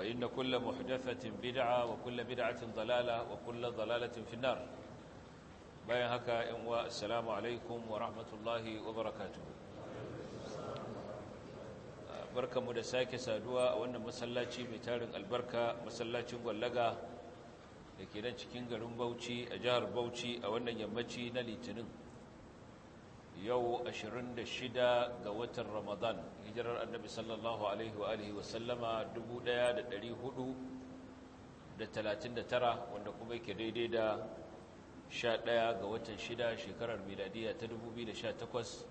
فإن كل محدثة بدعة وكل بدعة ضلالة وكل ضلالة في النار بيان هكا إنواء السلام عليكم ورحمة الله وبركاته بركة مدساكي سادوا وأن مسلاتي متار البركة مسلاتي واللغة لكي نتكين غرم بوتي أجار بوتي وأن يمتي نالي تنم yau 26 ga watan ramadan hijirar annabi sallallahu alaihi wa alihi wa sallama 1439 wanda kuma yake daidai da 11 ga watan 6 shekarar miladiya ta 2018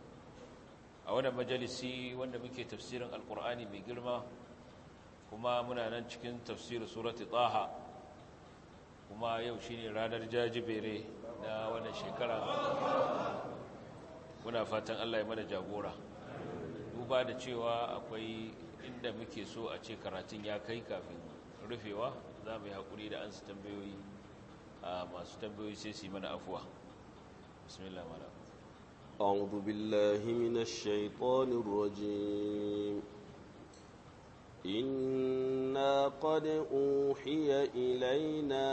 a wannan majalisi wanda muke tafsirin alkur'ani mai girma kuma muna nan cikin tafsirin surati taha kuma yau shine ranar jajibere na wannan shekara muna fatan Allah ya mana jagora duba da cewa akwai inda muke so a ce karatun ya kai kafin rufewa za mu yi haƙuri da an su tambayoyi a masu tambayoyi sai su yi mana afuwa bismillah malam أعوذ بالله من الشيطان الرجيم إنا قد أوحي إلينا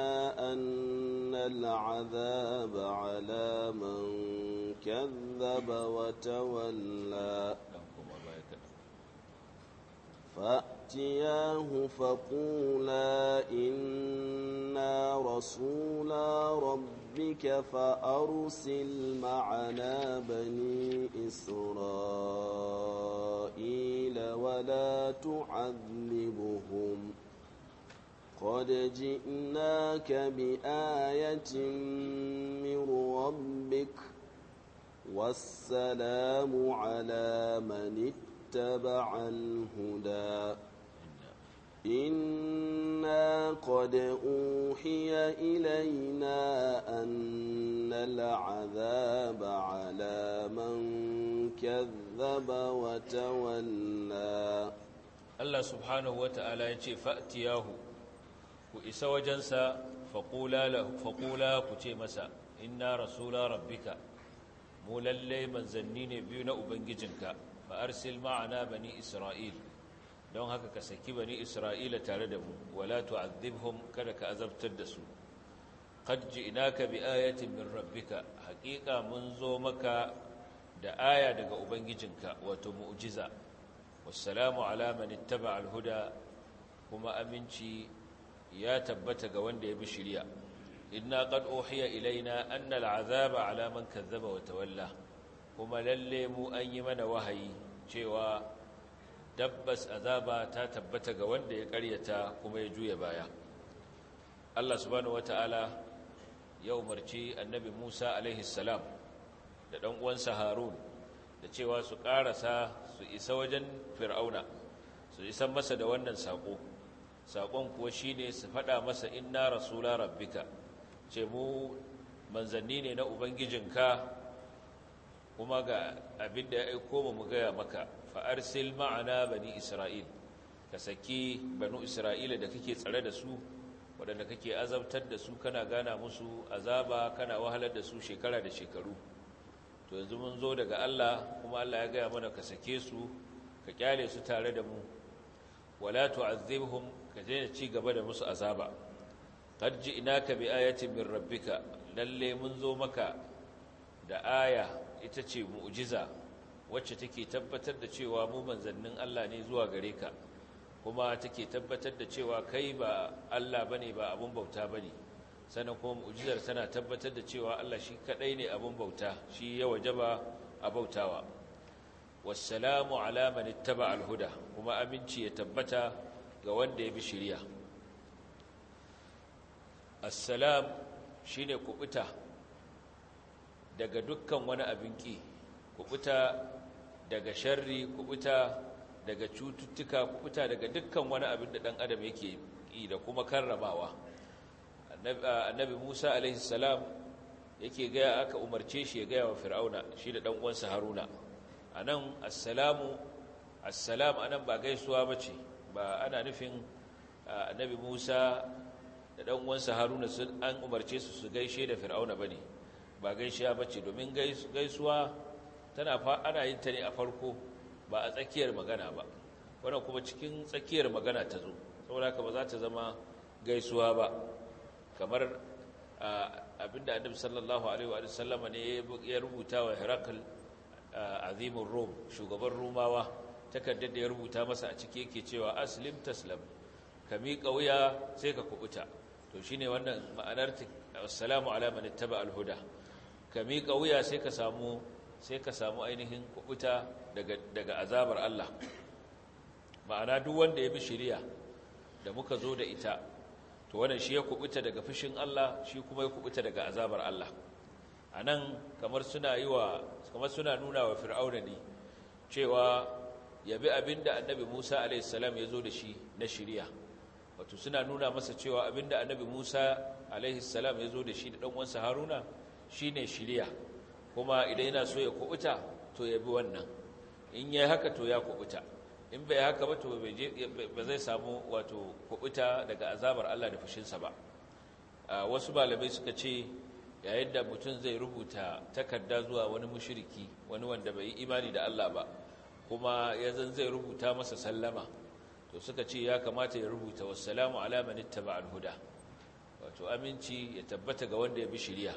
أن العذاب على من كذب وتولى فأتياه فقولا إنا رسولا ربك فأرسل معنا بني إسرائيل ولا تعذبهم قد جئناك بآية من ربك والسلام على من اتقى اتبع الهدى إنا قد أوحي إلينا أن العذاب على من كذب وتولى الله سبحانه وتعالى يتي فأتياه وإسا وجنسا فقولا, له فقولا كتي مسا إنا رسول ربك مولى من زنين بيون أبنججنك فأرسل ma'ana بني Isra'il, don haka ka saki bani isra'ila tare da mu wala tu'adhibhum kada ka azabtar da su ina ka bi ayatin min rabbika haqiqa mun zo maka da aya daga ubangijinka wato mu'jiza Wasalamu ala taba alhuda kuma aminci ya tabbata ga wanda ya bi shirya. inna qad uhiya ilaina anna al-'azaba ala kazzaba kuma lalle mu an yi mana wahayi cewa dabbas azaba ta tabbata ga wanda ya karyata kuma ya juya baya Allah subhanahu wataala ya umarci annabi Musa alaihi salam da dan uwansa Harun da cewa su karasa su isa wajen Fir'auna su isa masa da wannan sako sakon kuwa shine su fada masa inna rasula rabbika ce mu manzanni ne na ubangijinka kuma ga abin da ya aiko mu gaya maka fa'arsil ma'ana bani isra'il ka sake Bani isra'ila da kake tsare da su waɗanda kake azabtar da su kana gana musu azaba kana wahalar da su shekara da shekaru to yanzu mun zo daga Allah kuma Allah ya gaya mana ka sake su ka kyale su tare da mu wala tu'azzibhum ka je ci gaba da musu azaba qad ji'naka bi ayatin min rabbika lalle mun zo maka da aya ita ce mu'ujiza wacce take tabbatar da cewa mu manzannin Allah ne zuwa gare ka kuma take tabbatar da cewa kai ba Allah bane ba abun bauta bane sannan kuma mu'jizar tana tabbatar da cewa Allah shi kadai ne abun bauta shi ya wajaba a bautawa wassalamu ala man ittaba alhuda kuma aminci ya tabbata ga wanda ya bi shari'a assalam shine kubuta daga dukkan wani abin ƙi kubuta daga sharri kubuta daga cututtuka kubuta daga dukkan wani abin da ɗan adam yake ƙi da kuma karramawa annabi musa alaihi salam yake gaya aka umarce shi ya gaya wa fir'auna shi da ɗan uwansa haruna a nan assalamu assalam a ba gaisuwa ba ba ana nufin annabi musa da ɗan uwansa haruna sun an umarce su su gaishe da fir'auna ba ne ba gaishiya ba ce domin gaisuwa tana ana yin ta ne a farko ba a tsakiyar magana ba wadda kuma cikin tsakiyar magana ta zo saboda ka ba za ta zama gaisuwa ba kamar abinda adam sallallahu alaihi wa sallama ne ya rubuta wa Herakl azimin Rom shugaban Romawa takardar da ya rubuta masa a ciki yake cewa aslim taslam ka mi wuya sai ka kubuta to shine wannan ma'anar assalamu ala ittaba al ka miƙa wuya sai ka samu sai ka samu ainihin kubuta daga daga azabar Allah ma'ana duk wanda ya bi shari'a da muka zo da ita to wannan shi ya kubuta daga fushin Allah shi kuma ya kubuta daga azabar Allah anan kamar suna yi wa kamar suna nuna wa fir'auna ne cewa yabi abinda annabi Musa alayhi salam ya zo da shi na shari'a wato suna nuna masa cewa abinda annabi Musa alayhi salam ya zo da shi da dan uwansa Haruna Shi ne shirya kuma idan yana so ya kubuta to ya bi wannan in yayi haka to ya kubuta in bai haka ba to ba zai samu wato kubuta daga azabar Allah da fushinsa ba wasu malamai suka ce yayin da mutum zai rubuta takarda zuwa wani mushiriki wani wanda bai yi imani da Allah ba kuma zan zai rubuta masa sallama to suka ce ya kamata ya rubuta wassalamu ala man ittaba al-huda wato aminci ya tabbata ga wanda ya bi shari'a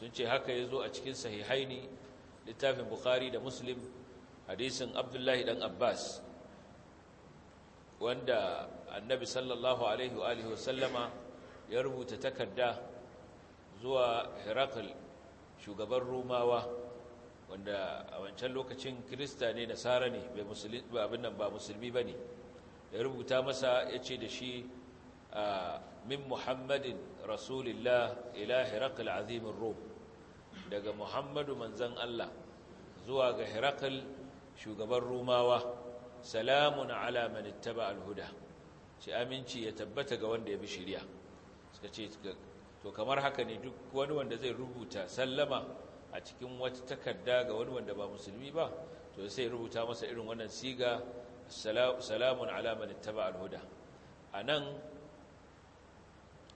sun ce haka ya zo a cikin sahihaini littafin bukhari da muslim hadisin abdullahi dan abbas wanda annabi sallallahu alaihi wa alihi wasallama ya rubuta takarda zuwa herakl shugaban rumawa wanda a wancan lokacin kirista ne nasara ne ba abin nan ba musulmi ba ne ya rubuta masa ya ce da shi ah, min muhammadin rasulillah ila herakl azimin rom daga muhammadu manzan Allah zuwa ga herakal shugaban rumawa salamun ala manittaba alhuda ce aminci ya tabbata ga wanda ya bi shirya suka ce to kamar haka ne duk wani wanda zai rubuta sallama a cikin wata takarda ga wani wanda ba musulmi ba to sai rubuta masa irin wannan siga salamun ala manittaba alhuda a nan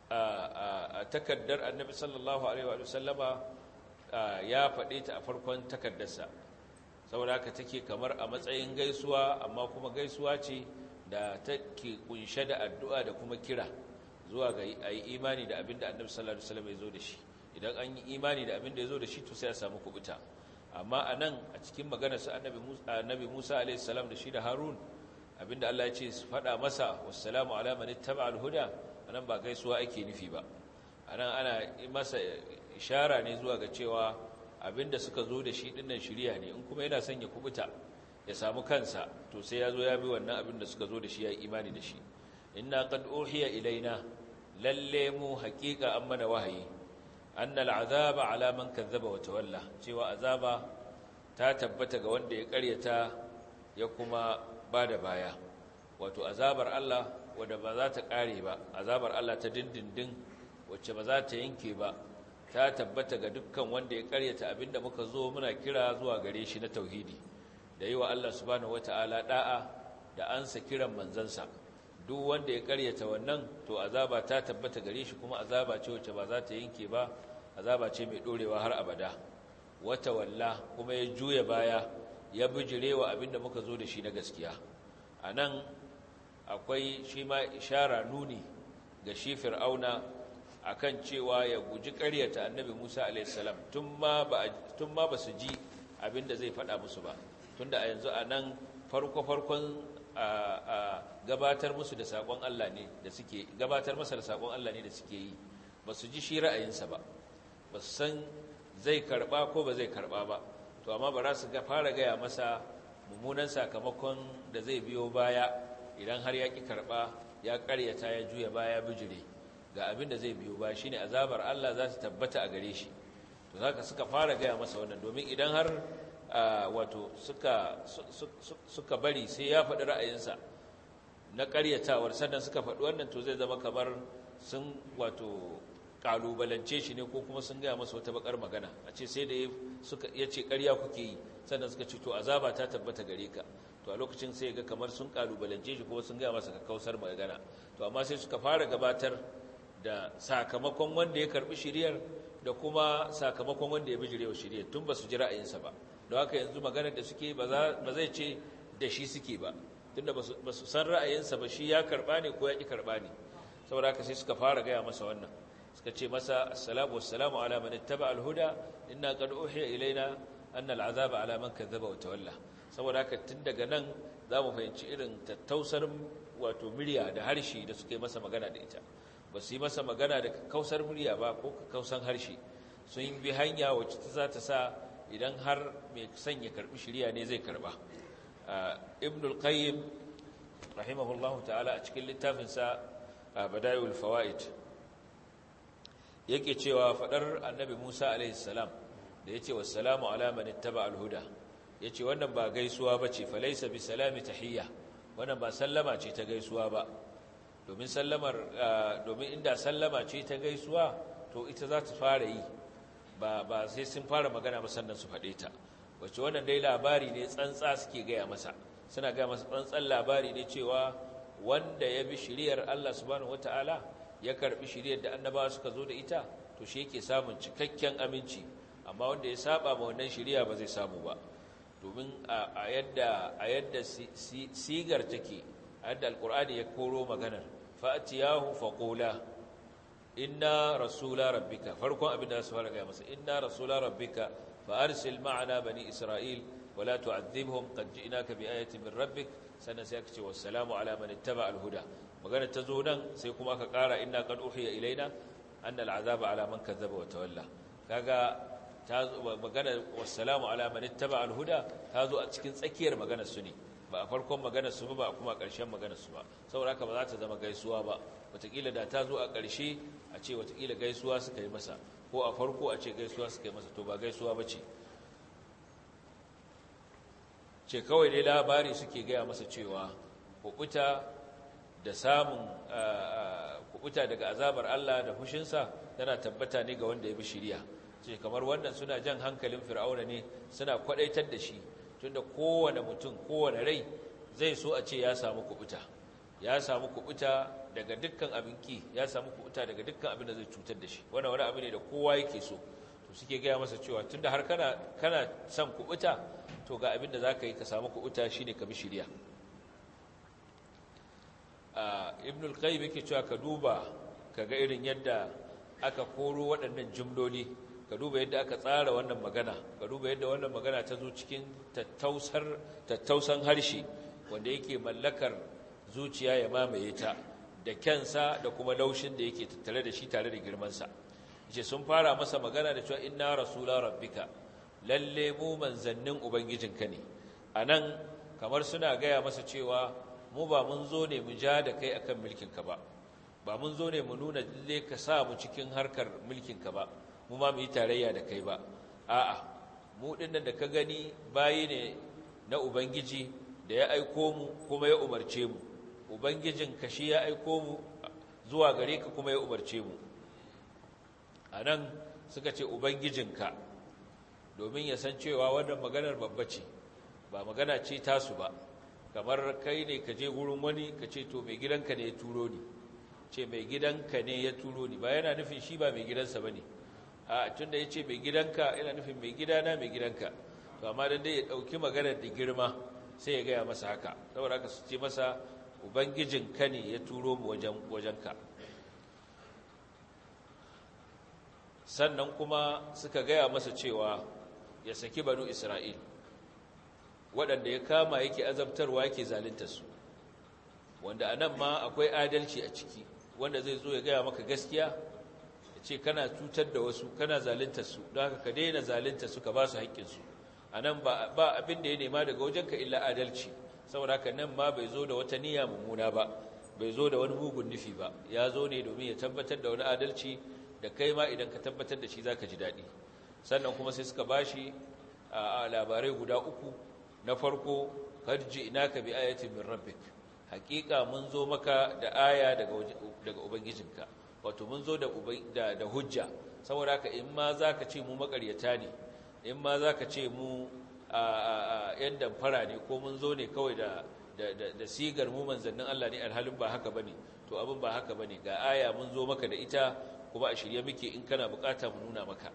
a takardar annabi sallallahu alaihi wa sallama ya faɗe ta a farkon takardarsa saboda haka take kamar a matsayin gaisuwa amma kuma gaisuwa ce da take kunshe da addu'a da kuma kira zuwa ga yi imani da abinda annabi sallallahu alaihi wasallam ya zo da shi idan an yi imani da abinda ya zo da shi to sai a samu kubuta amma a nan a cikin maganar su annabi Musa alaihi salam da shi da Harun abinda Allah ya ce su faɗa masa wassalamu ala man ittaba al-huda anan ba gaisuwa ake nufi ba anan ana masa ishara ne zuwa ga cewa abinda suka zo da shi dinnan shirya ne in kuma yana son ya kubuta ya samu kansa to sai ya zo ya bi wannan abinda suka zo da shi ya yi imani da shi inna qad uhiya ilaina lalle mu haqiqa an mana wahayi anna al'azaba ala man kazzaba wa tawalla cewa azaba ta tabbata ga wanda ya karyata ya kuma bada baya wato azabar Allah wanda ba za ta kare ba azabar Allah ta dindindin wacce ba za ta yanke ba ta tabbata ga dukkan wanda ya karyata abinda muka zo muna kira zuwa gare shi na tauhidi da yi wa Allah subhanahu wataala da'a da ansa kiran manzansa duk wanda ya karyata wannan to azaba ta tabbata gare shi kuma azaba ce wacce ba za ta yanke ba azaba ce mai dorewa har abada wata walla kuma ya juya baya ya bijirewa abinda muka zo da shi na gaskiya anan akwai shi ma ishara nuni ga shi fir'auna akan cewa ya guji ƙaryata annabi Musa alaihissalam tun ma ba su ji abin da zai faɗa musu ba Tun da a yanzu a nan farko-farkon gabatar musu da saƙon Allah ne da suke gabatar masa da saƙon Allah ne da suke yi ba su ji shi ra'ayinsa ba ba su san zai karɓa ko ba zai karɓa ba to amma ba za su fara gaya masa mummunan sakamakon da zai biyo baya idan har ya ƙi karɓa ya ƙaryata ya juya baya bijire ga abin da zai biyo ba shi ne azabar Allah za su tabbata a gare shi to ka suka fara gaya masa wannan domin idan har wato suka bari sai ya faɗi ra'ayinsa na ƙaryatawar sannan suka faɗi wannan to zai zama kamar sun wato kalubalance shi ne ko kuma sun gaya masa wata bakar magana a ce sai da ya ce karya kuke yi sannan suka ce to azaba ta tabbata gare ka to a lokacin sai ga kamar sun kalubalance shi ko sun gaya masa kakkausar magana to amma sai suka fara gabatar da sakamakon wanda ya karbi shiriyar da kuma sakamakon wanda ya bijirewa shiriyar tun ba su ji ra'ayinsa ba don haka yanzu magana da suke ba zai ce da shi suke ba tunda ba su san ra'ayinsa ba shi ya karba ne ko ya ƙi karba ne saboda haka sai suka fara gaya masa wannan suka ce masa assalamu wassalamu ala man ittaba alhuda inna qad uhiya ilaina anna al'azaba ala man kadzaba wa tawalla saboda haka tun daga nan zamu fahimci irin tattausar wato murya da harshe da suke masa magana da ita ba su yi masa magana da kausar murya ba ko kausan harshe sun bi hanya wacce ta za ta sa idan har mai sanya karbi shirya ne zai karba ibnul qayyim rahimahullahu ta'ala a cikin littafinsa badayul fawaid yake cewa fadar annabi Musa alaihi salam da yace wassalamu ala man ittaba alhuda yace wannan ba gaisuwa bace falaysa salami tahiyya wannan ba sallama ce ta gaisuwa ba domin sallamar domin inda sallama ce ta gaisuwa to ita za ta fara yi ba ba sai sun fara magana ba sannan su faɗe ta wacce wannan dai labari ne tsantsa suke gaya masa suna gaya masa tsantsan labari ne cewa wanda ya bi shiriyar Allah subhanahu wataala ya karbi shiriyar da annabawa suka zo da ita to shi yake samun cikakken aminci amma wanda ya saba ma wannan shiriya ba zai samu ba domin a yadda a yadda sigar take yadda alkur'ani ya koro maganar fa'ati yahu faƙola ina rasula rabbika farkon abin da su fara gaya masa ina rasula rabbika fa'arsil ma'ana bani isra'il wala tu'azzibhum ina ka bi ayatin min rabbik sannan sai aka ce wassalamu ala man alhuda maganar ta zo nan sai kuma aka kara ina qad uhiya ilaina anna al'azab ala man kadzaba wa tawalla kaga ta zo maganar wassalamu ala man ittaba alhuda ta zo a cikin tsakiyar maganar su ne ba a farkon magana su ba kuma a ƙarshen magana ba saboda haka ba za ta zama gaisuwa ba wataƙila da ta zo a ƙarshe a ce wataƙila gaisuwa suka yi masa ko a farko a ce gaisuwa suka yi masa to ba gaisuwa ba ce ce kawai dai labari suke gaya masa cewa kuɓuta da samun kuɓuta daga azabar Allah da fushinsa tana tabbata ne ga wanda ya bi shirya ce kamar wannan suna jan hankalin fir'auna ne suna kwaɗaitar da shi tunda kowane mutum kowane rai zai so a ce ya samu kubuta ya samu kubuta daga dukkan abin ki ya samu kubuta daga dukkan abin da zai cutar da shi wannan wani abu ne da kowa yake so to suke gaya masa cewa tunda har kana kana son kubuta to ga abin da zaka yi ka samu kubuta shine ka bi shiriya ibn al-qayyim yake cewa ka duba kaga irin yadda aka koro waɗannan jumloli ka duba yadda aka tsara wannan magana ka duba yadda wannan magana ta zo cikin tattausan harshe wanda yake mallakar zuciya ya mamaye ta da kyansa da kuma laushin da yake tattare da shi tare da girmansa ce sun fara masa magana da cewa inna rasula rabbika lalle mu manzannin ubangijinka ne anan kamar suna gaya masa cewa mu ba mun zo ne mu ja da kai akan mulkinka ba ba mun zo ne mu nuna lalle ka sa mu cikin harkar mulkinka ba mu ma mu yi tarayya da kai ba a'a mu dinnan da ka gani bayi ne na ubangiji da ya aiko mu kuma ya umarce mu ubangijin ka shi ya aiko mu zuwa gare ka kuma ya umarce mu anan suka ce Ubangijin ka domin ya san cewa wannan maganar babba ce ba magana ce tasu ba kamar kai ne ka je gurin wani ka ce to mai gidanka ne ya turo ni ce mai gidanka ne ya turo ni ba yana nufin shi ba mai gidansa ba ne a tunda ce mai gidanka ina nufin mai gidana mai gidanka to amma dan dai ya ɗauki maganar da girma sai ya gaya masa haka saboda haka su ce masa ubangijin ka ne ya turo mu wajen wajenka sannan kuma suka gaya masa cewa ya saki banu isra'il waɗanda ya kama yake azabtarwa yake zaluntar su wanda a nan ma akwai adalci a ciki wanda zai zo ya gaya maka gaskiya ce kana cutar da wasu kana zaluntar su don haka ka daina zaluntar su ka ba su haƙƙin su anan ba ba abin da ya nema daga wajenka illa adalci saboda haka nan ma bai zo da wata niyya mummuna ba bai zo da wani mugun nufi ba ya zo ne domin ya tabbatar da wani adalci da kai ma idan ka tabbatar da shi zaka ji daɗi sannan kuma sai suka bashi a labarai guda uku na farko ina ka bi ayatin min rabbik haƙiƙa mun zo maka da aya daga ubangijinka wato mun zo da da hujja saboda haka in ma zaka ce mu makaryata ne in ma zaka ce mu yan damfara ne ko mun zo ne kawai da da sigar mu manzannin Allah ne alhalin ba haka bane to abin ba haka bane ga aya mun zo maka da ita kuma a shirye muke in kana bukata mu nuna maka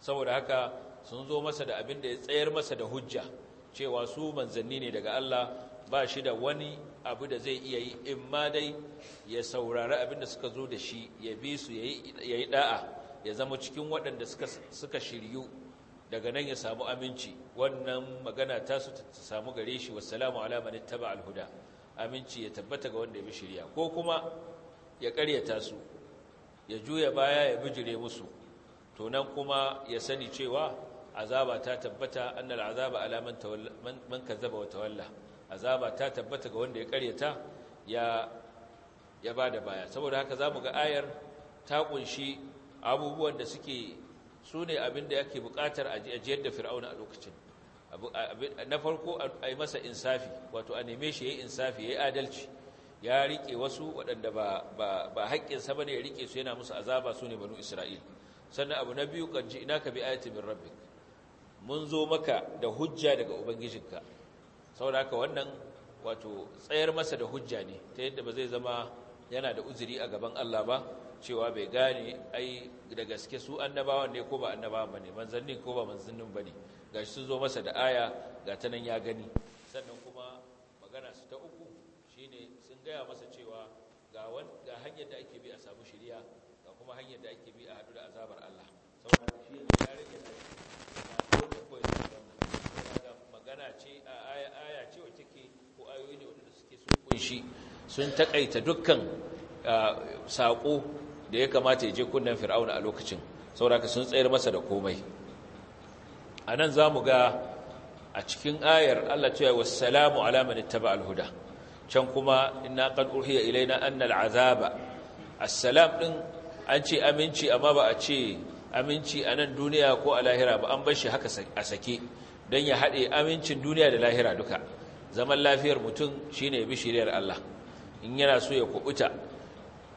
saboda haka sun zo masa da abin da ya tsayar masa da hujja cewa su manzanni ne daga Allah ba shi da wani abu da zai iya yi in ma dai ya saurari abin da suka zo da shi ya bi su ya yi da'a ya zama cikin waɗanda suka shiryu daga nan ya samu aminci wannan magana ta su ta samu gare shi wassalamu ala man alhuda aminci ya tabbata ga wanda ya bi shirya ko kuma ya karyata su ya juya baya ya bijire musu to nan kuma ya sani cewa azaba ta tabbata annal azaba ala man kazzaba wa tawalla azaba ta tabbata ga wanda ya karyata ya ya bada baya saboda haka zamu ga ayar ta kunshi abubuwan da suke sune abin da yake bukatar ajiyar da fir'auna a lokacin na farko a yi masa insafi wato a neme shi ya yi insafi ya yi adalci ya rike wasu waɗanda ba haƙƙinsa ba ne ya rike su yana musu azaba su ne banu isra'il sannan abu na biyu kan ina ka bi ayatin min mun zo maka da hujja daga ubangijinka saboda haka wannan wato tsayar masa da hujja ne ta yadda ba zai zama yana da uzuri a gaban Allah ba cewa bai gane ai da gaske su annabawan ne ko ba annabawan bane manzannin ko ba manzannin bane gashi sun zo masa da aya ga ta nan ya gani sannan kuma magana su ta uku shine sun gaya masa cewa ga hanyar da ake bi a samu shari'a ga kuma hanyar da ake bi a hadu da azabar Allah sun takaita dukkan saƙo da ya kamata ya je kunnen fir'auna a lokacin sauraka sun tsayar masa da komai a nan za mu ga a cikin ayar Allah cewa wa salamu alamun ittaba ba alhuda, can kuma ina kan uhiya ilaina anna al-azaba assalam din an ce aminci amma ba a ce aminci a nan duniya ko a lahira ba an bar shi haka a sake don ya haɗe amincin duniya da lahira duka zaman lafiyar mutum shine bi shiriyar Allah in yana so ya kubuta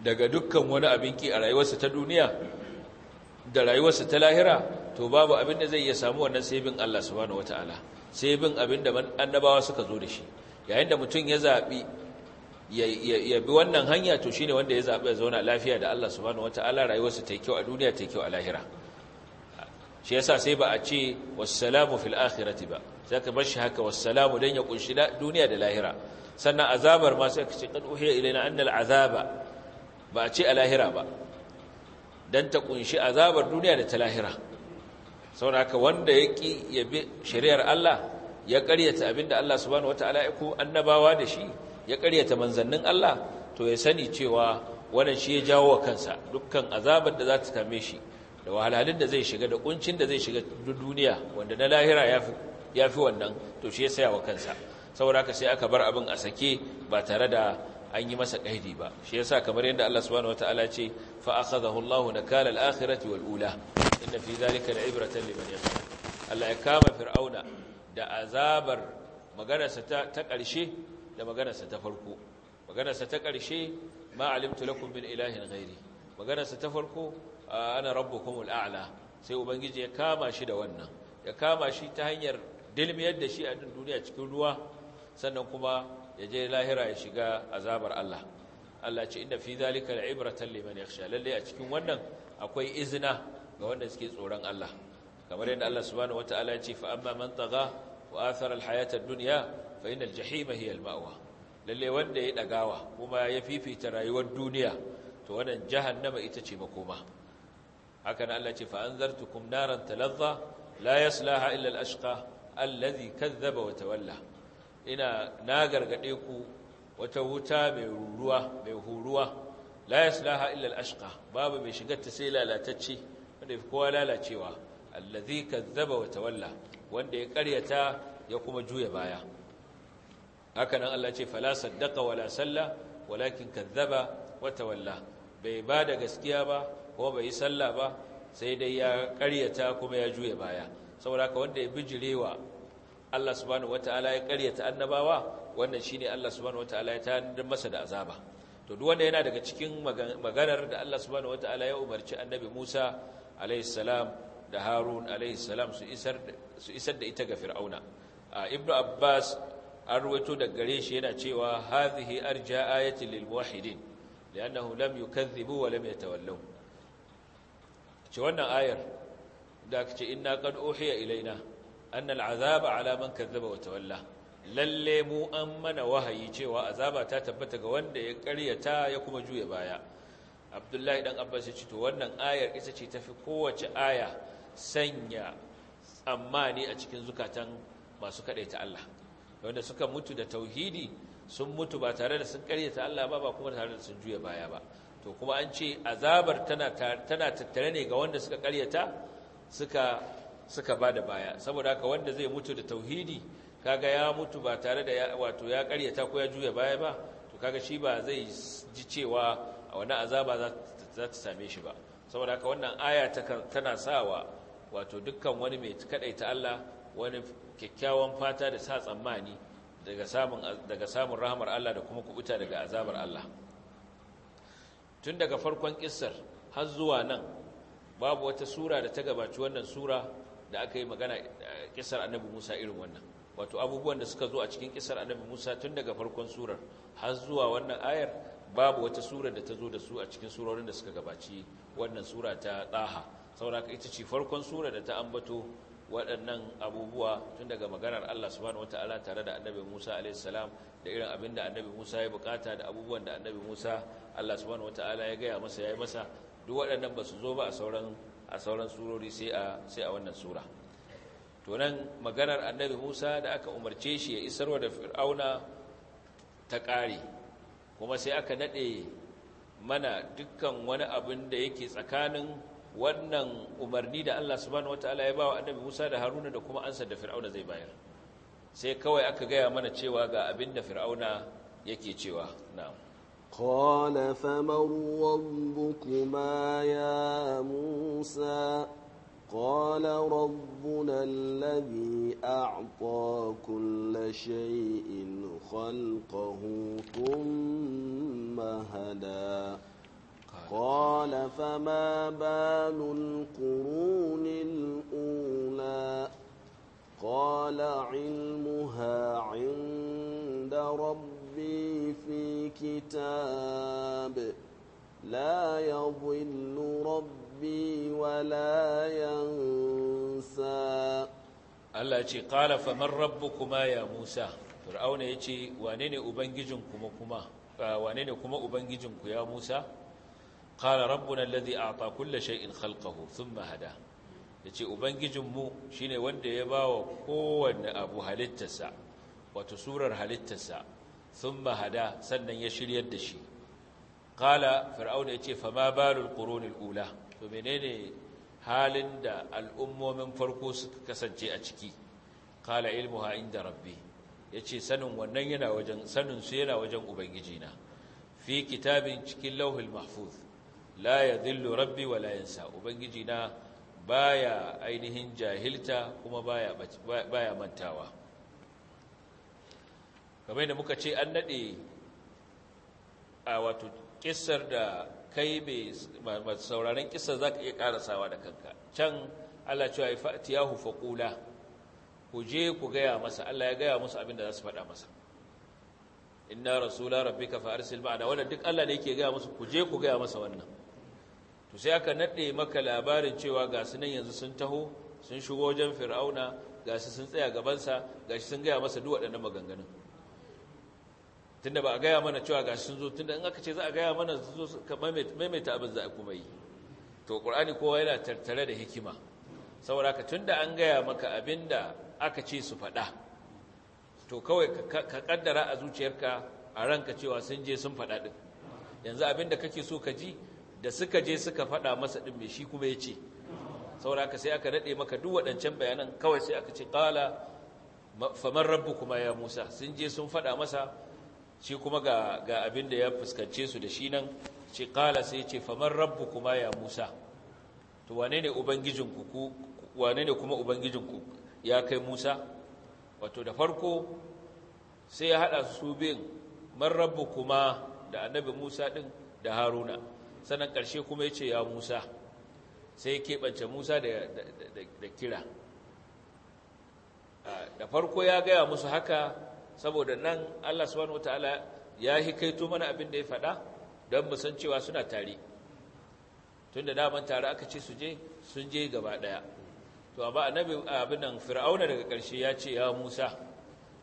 daga dukkan wani abin ki a rayuwarsa ta duniya da rayuwarsa ta lahira to babu abin da zai iya samu wannan sai bin Allah subhanahu wataala sai bin abin da annabawa suka zo da shi yayin da mutum ya zabi ya bi wannan hanya to shine wanda ya zabi ya zauna lafiya da Allah subhanahu wataala rayuwarsa ta yi kyau a duniya ta yi kyau a lahira shi yasa sai ba a ce wassalamu fil akhirati ba zaka bar shi haka wassalamu dan ya kunshi duniya da lahira sannan azabar ma sai ka ce uhiya ilaina annal azaba ba a ce a lahira ba dan ta ƙunshi azabar duniya da ta lahira saboda haka wanda ya ki ya bi shari'ar Allah ya ƙaryata abinda Allah subhanahu wataala ya ko annabawa da shi ya ƙaryata manzannin Allah to ya sani cewa wannan shi ya jawo wa kansa dukkan azabar da za ta kame shi da wahalhalun da zai shiga da kuncin da zai shiga duniya wanda na lahira ya fi wannan to shi ya saya wa kansa saboda haka sai aka bar abin a sake ba tare da an yi masa kaidi ba shi yasa kamar yadda Allah subhanahu wataala ce fa akhadahu Allahu nakala al-akhirati wal ula inna fi dhalika la'ibratan liman yakhsha Allah ya kama fir'auna da azabar maganarsa ta ta ƙarshe da maganarsa ta farko maganarsa ta ƙarshe ma alimtu lakum min ilahin ghairi maganarsa ta farko ana rabbukumul a'la sai ubangiji ya kama shi da wannan ya kama shi ta hanyar dilmiyar da shi a duniya cikin ruwa sannan kuma ya je lahira ya shiga azabar Allah Allah ce inda fi zalika la'ibratan liman yakhsha lalle a cikin wannan akwai izina ga wanda suke tsoron Allah kamar yadda Allah subhanahu wataala ya ce fa amma man tagha wa athara alhayata ad-dunya fa innal jahima hiya al-ma'wa lalle wanda ya dagawa kuma ya fifita rayuwar duniya to wannan jahannama ita ce makoma haka nan Allah ce fa anzartukum naran talazza la yaslaha illa al-ashqa alladhi kadhaba wa tawalla ina na gargade ku wata wuta mai ruruwa mai huruwa la yaslaha illa al-ashqa babu mai shigar ta sai lalatacce wanda fi kowa lalacewa allazi kazzaba wa tawalla wanda ya karyata ya kuma juya baya haka nan Allah ce fala saddaqa wala salla walakin kazzaba wa tawalla bai ba da gaskiya ba ko bai salla ba sai dai ya karyata kuma ya juya baya saboda haka wanda ya bijirewa Allah subhanahu wataala ya karyata annabawa wannan shine Allah subhanahu wataala ya tanadar masa da azaba to duk wanda yana daga cikin maganar da Allah subhanahu wataala ya umarci annabi Musa alaihi salam da Harun alaihi salam su isar su isar da ita ga Fir'auna Ibn Abbas an da gare shi yana cewa hadhihi arja ayatin lil muwahhidin li'annahu lam yukaththibu wa lam yatawallaw ce wannan ayar da kace inna qad uhiya ilaina annal azaba ala man kazzaba wata walla. lalle mu an mana wahayi cewa azaba ta tabbata ga wanda ya karyata ya kuma juya baya abdullahi dan abbas ya ce to wannan ayar ita ce ta fi kowace aya sanya tsammani a cikin zukatan masu kaɗaita Allah wanda suka mutu da tauhidi sun mutu ba tare da sun karyata Allah ba ba kuma tare da sun juya baya ba to kuma an ce azabar tana tana tattare ne ga wanda suka karyata suka suka ba da baya saboda haka wanda zai mutu da tauhidi kaga ya mutu ba tare da wato ya karyata ko ya juya baya ba to kaga shi ba zai ji cewa a wani azaba za ta same shi ba saboda haka wannan aya tana sawa wato dukkan wani mai ta Allah wani kyakkyawan fata da sa tsammani daga samun daga rahmar Allah da kuma kubuta daga azabar Allah tun daga farkon kissar har zuwa nan babu wata sura da ta gabaci wannan sura da aka yi magana eh, kisar annabi Musa irin wannan wato abubuwan da suka zo a cikin kisar annabi Musa tun daga farkon surar har zuwa wannan ayar babu wata surar da ta zo da su a cikin surorin da suka gabaci wannan sura ta tsaha. saboda ita ce farkon surar da ta ambato waɗannan abubuwa tun daga maganar Allah subhanahu ta'ala tare da annabi Musa salam da irin abin da annabi Musa ya bukata da abubuwan da annabi Musa Allah subhanahu ta'ala ya gaya masa ya yi masa duk waɗannan ba su zo ba a sauran a sauran surori sai a sai a wannan sura to nan maganar annabi Musa da aka umarce shi ya isarwa da Fir'auna ta ƙare kuma sai aka nade mana dukkan wani abin da yake tsakanin wannan umarni da Allah subhanahu wataala ya bawa annabi Musa da Haruna da kuma ansa da Fir'auna zai bayar sai kawai aka gaya mana cewa ga abin da Fir'auna yake cewa na'am قال فمن ربكما يا موسى قال ربنا الذي أعطى كل شيء خلقه ثم هدى قال فما بال القرون الأولى قال علمها عند ربنا في كتاب لا يضل ربي ولا ينسى الله يجي قال فمن ربكما يا موسى فرعون يجي وانين أبنججنكم كما وانين كما أبنججنك يا موسى قال ربنا الذي أعطى كل شيء خلقه ثم هداه yace ubangijinmu shine wanda ya bawa kowanne abu halittarsa wato surar halittarsa sun bahada, sannan ya shiryar da shi ƙala fir'auna ya ce ma balul ƙoronin ula to menene halin da al'ummomin farko suka kasance a ciki ƙala ilmuha da rabbi ya ce sanin wannan yana wajen sanin su yana wajen fi kitabin cikin lauhul mahfuz la ya zillu rabbi wa la yansa na baya ainihin jahilta kuma baya baya mantawa kamar da muka ce an nade a wato kisar da kai mai kisar za ka iya karasawa da kanka can Allah cewa ya hufa faqula ku je ku gaya masa Allah ya gaya musu abin da za su faɗa masa inna rasula ka fa arsil da wannan duk Allah ne ke gaya musu ku je ku gaya masa wannan to sai aka nade maka labarin cewa ga su nan yanzu sun taho sun shigo wajen fir'auna ga su sun tsaya gabansa ga shi sun gaya masa duk waɗannan maganganun tunda ba a gaya mana cewa ga sun zo tunda in aka ce za a gaya mana sun zo ka maimaita abin za a kuma yi to ƙur'ani kowa yana tattare da hikima saboda ka tunda an gaya maka abin da aka ce su faɗa to kawai ka ƙaddara a zuciyarka a ranka cewa sun je sun faɗa ɗin yanzu abin da kake so ka ji da suka je suka faɗa masa ɗin mai shi kuma ya ce saboda ka sai aka daɗe maka duk waɗancan bayanan kawai sai aka ce ƙala famar rabbu kuma ya musa sun je sun faɗa masa shi kuma ga ga abin da ya fuskance su da shi nan ce kala sai ce famar rabu kuma ya Musa to wane ne ubangijinku kuma ubangijinku ya kai Musa wato da farko sai ya hada su bin man kuma da annabi Musa din da Haruna sannan ƙarshe kuma ya ce ya Musa sai keɓance Musa da kira da farko ya gaya musu haka saboda nan Allah subhanahu wataala ya hikaito mana abin da ya faɗa don mu san cewa suna tare tunda daman tare aka ce su je sun je gaba ɗaya. to amma annabi abin nan fir'auna daga ƙarshe ya ce ya Musa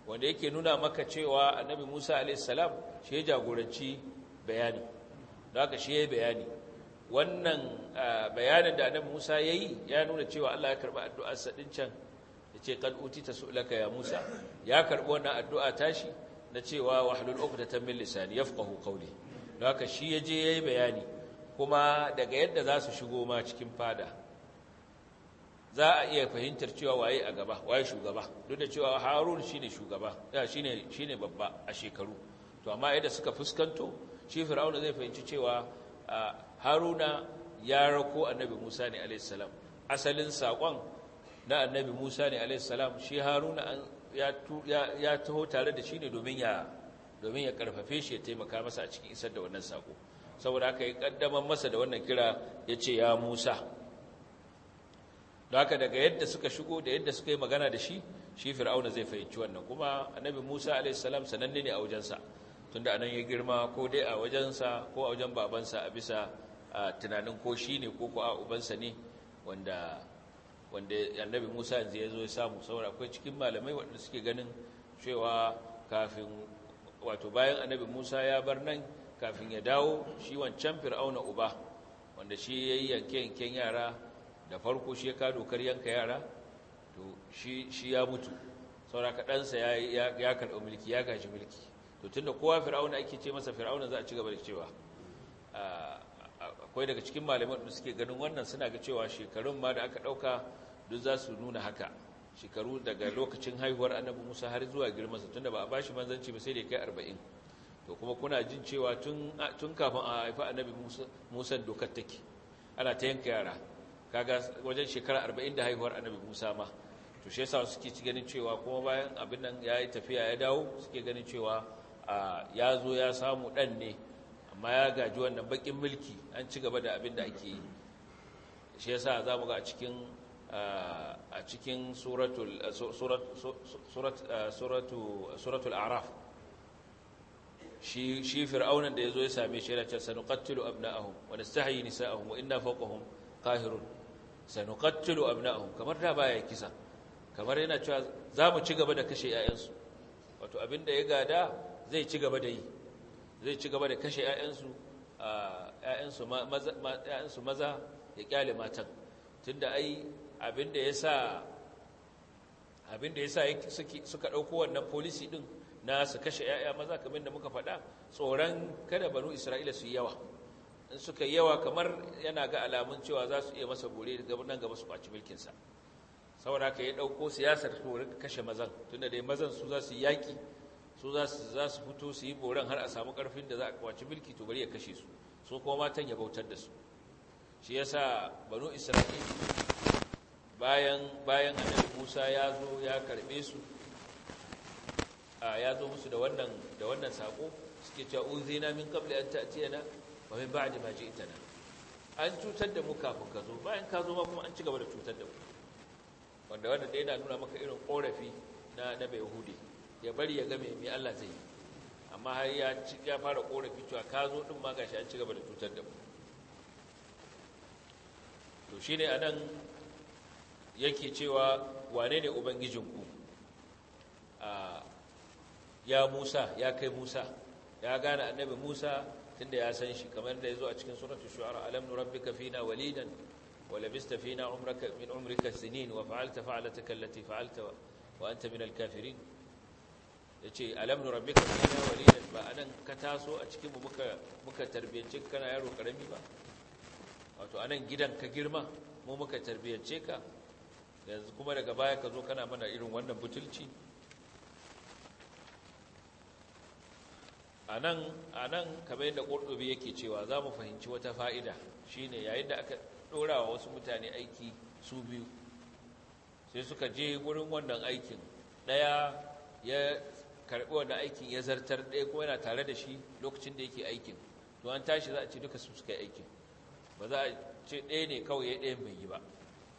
wanda yake nuna maka cewa annabi Musa alayhis salam shi ya jagoranci bayani don haka shi ya bayani wannan ah, bayanin da annabi Musa ya yi ya nuna cewa Allah ya karɓi addu'ar sa din can kan uti utita su'laka ya Musa ya karbi wannan addu'a tashi na cewa wahlul ta min lisani yafqahu qawli haka shi yaje yayi bayani kuma daga yadda za su shigo ma cikin fada za a iya fahimtar cewa waye a gaba waye shugaba duk da cewa Harun shine shugaba ya shine shine babba a shekaru to amma yadda suka fuskanto shi Fir'auna zai fahimci cewa Haruna ya rako annabi Musa ne alayhi salam asalin saƙon. na annabi Musa ne alaihi shi Haruna ya taho tare da shi ne domin ya karfafe shi ya taimaka masa a cikin isar da wannan sako saboda aka yi kaddamar masa da wannan kira ya ce ya Musa da daga yadda suka shigo da yadda suka yi magana da shi shi fir'auna zai fahimci wannan kuma annabi Musa alaihi sananne ne a wajensa tunda anan ya girma ko dai a wajensa ko a wajen babansa a bisa tunanin ko shi ne ko ko a ubansa ne wanda wanda annabi musa yanzu ya zo ya samu saboda akwai cikin malamai waɗanda suke ganin cewa kafin wato bayan annabi musa ya bar nan kafin ya dawo shi wancan fir'auna uba wanda shi ya yi yanke-yanken yara da farko shi ya ka dokar yanka yara to shi ya mutu saboda ka ya karɓi mulki ya gashi mulki to tunda kowa fir'auna ake ce masa fir'auna za a ci gaba da cewa akwai daga cikin malamai da suke ganin wannan suna ga cewa shekarun ma da aka ɗauka duk za su nuna haka shekaru daga lokacin haihuwar annabi musa har zuwa girmansa tun da ba a ba shi manzanci ba sai da ya kai arba'in to kuma kuna jin cewa tun kafin a haifa annabi musa dokar take ana ta yanka yara kaga wajen shekara arba'in da haihuwar annabi musa ma to shi yasa suke ci ganin cewa kuma bayan abin nan ya yi tafiya ya dawo suke ganin cewa ya zo ya samu ɗan ne amma ya gaji wannan bakin mulki an ci gaba da abin da ake yi shi yasa za mu ga a cikin a cikin suratul araf shi fir'aunan da ya zo ya same shi yana cewa sanuqattilu abna'ahum wa nastahyi nisa'ahum wa inna fawqahum qahirun sanuqattilu abna'ahum kamar da baya kisa kamar yana cewa za mu ci gaba da kashe ƴaƴansu wato abin da ya gada zai ci gaba da yi zai ci gaba da kashe 'ya'yansu maza ya kyale matan tunda ai abinda ya ya sa suka ɗauko wannan polisi ɗin na su kashe 'ya'ya maza kamar da muka faɗa tsoron kada banu isra'ila su yi yawa in suka yi yawa kamar yana ga alamun cewa za su iya masa bore nan gaba su ɓaci mulkinsa saboda ka yi ɗauko siyasar tsoron kashe mazan tunda dai mazan su za su yi yaƙi su za su fito su yi boran har a samu karfin da za a kwaci mulki to bari ya kashe su So kuma matan ya bautar da su shi yasa banu isra'il bayan bayan annabi Musa ya zo ya karbe su a ya zo musu da wannan da wannan sako suke cewa unzina min qabli an ta'tiyana wa min ba'di ma ji'tana an cutar da mu kafin ka zo bayan ka zo ma kuma an ci gaba da cutar da mu wanda wanda dai yana nuna maka irin korafi na na ya bari ya game mai Allah zai amma har ya ya fara korafi cewa ka zo din ma gashi an ci gaba da cutar da mu to shine anan yake cewa wane ne ubangijinku ya Musa ya kai Musa ya gane annabi Musa tunda ya san shi kamar da zo a cikin suratu shu'ara alam nurabbika fina walidan ولبست فينا عمرك من عمرك السنين وفعلت فعلتك التي فعلت وأنت من Ya ce alam nurabbika kana da ba anan ka taso a cikinmu muka tarbiyyance kana yaro karami ba wato anan gidan ka girma mu muka tarbiyyance ka yanzu kuma daga baya ka zo kana mana irin wannan butulci anan anan kamar yadda qurtubi yake cewa za mu fahimci wata fa'ida shine yayin da aka ɗora wa wasu mutane aiki su biyu sai suka je wurin wannan aikin Ɗaya ya karɓi wannan aikin ya zartar ɗaya ko yana tare da shi lokacin da yake aikin to an tashi za a ce duka su suka yi aikin ba za a ce ɗaya ne kawai ya ɗayan bai yi ba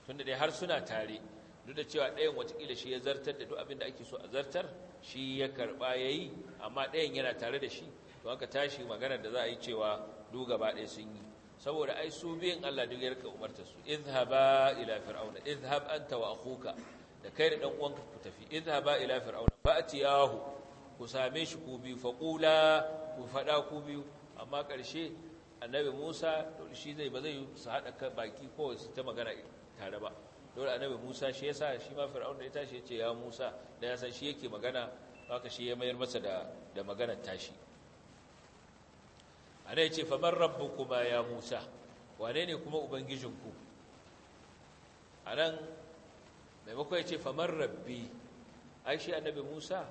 tunda dai har suna tare duk da cewa ɗayan watakila shi ya zartar da duk abin da ake so a zartar shi ya karɓa ya yi amma ɗayan yana tare da shi to aka tashi magana da za a yi cewa duk gaba ɗaya sun yi saboda ai su biyan Allah duk yarka umartar umarta su izhaba ila fir'auna izhab anta wa akhuka da kai da ɗan uwanka ku tafi ba ila fir'auna fa'tiyahu ku same shi ku bi faqula ku fada ku biyu amma karshe annabi Musa dole shi zai ba zai su hada baki ko su ta magana tare ba dole annabi Musa shi yasa shi ma fir'auna ya tashi ya ce ya Musa da ya san shi yake magana haka shi ya mayar masa da da maganar tashi ana yace man rabbukuma ya Musa wane ne kuma ubangijinku nan. maimakon ya ce famar rabbi ai shi annabi musa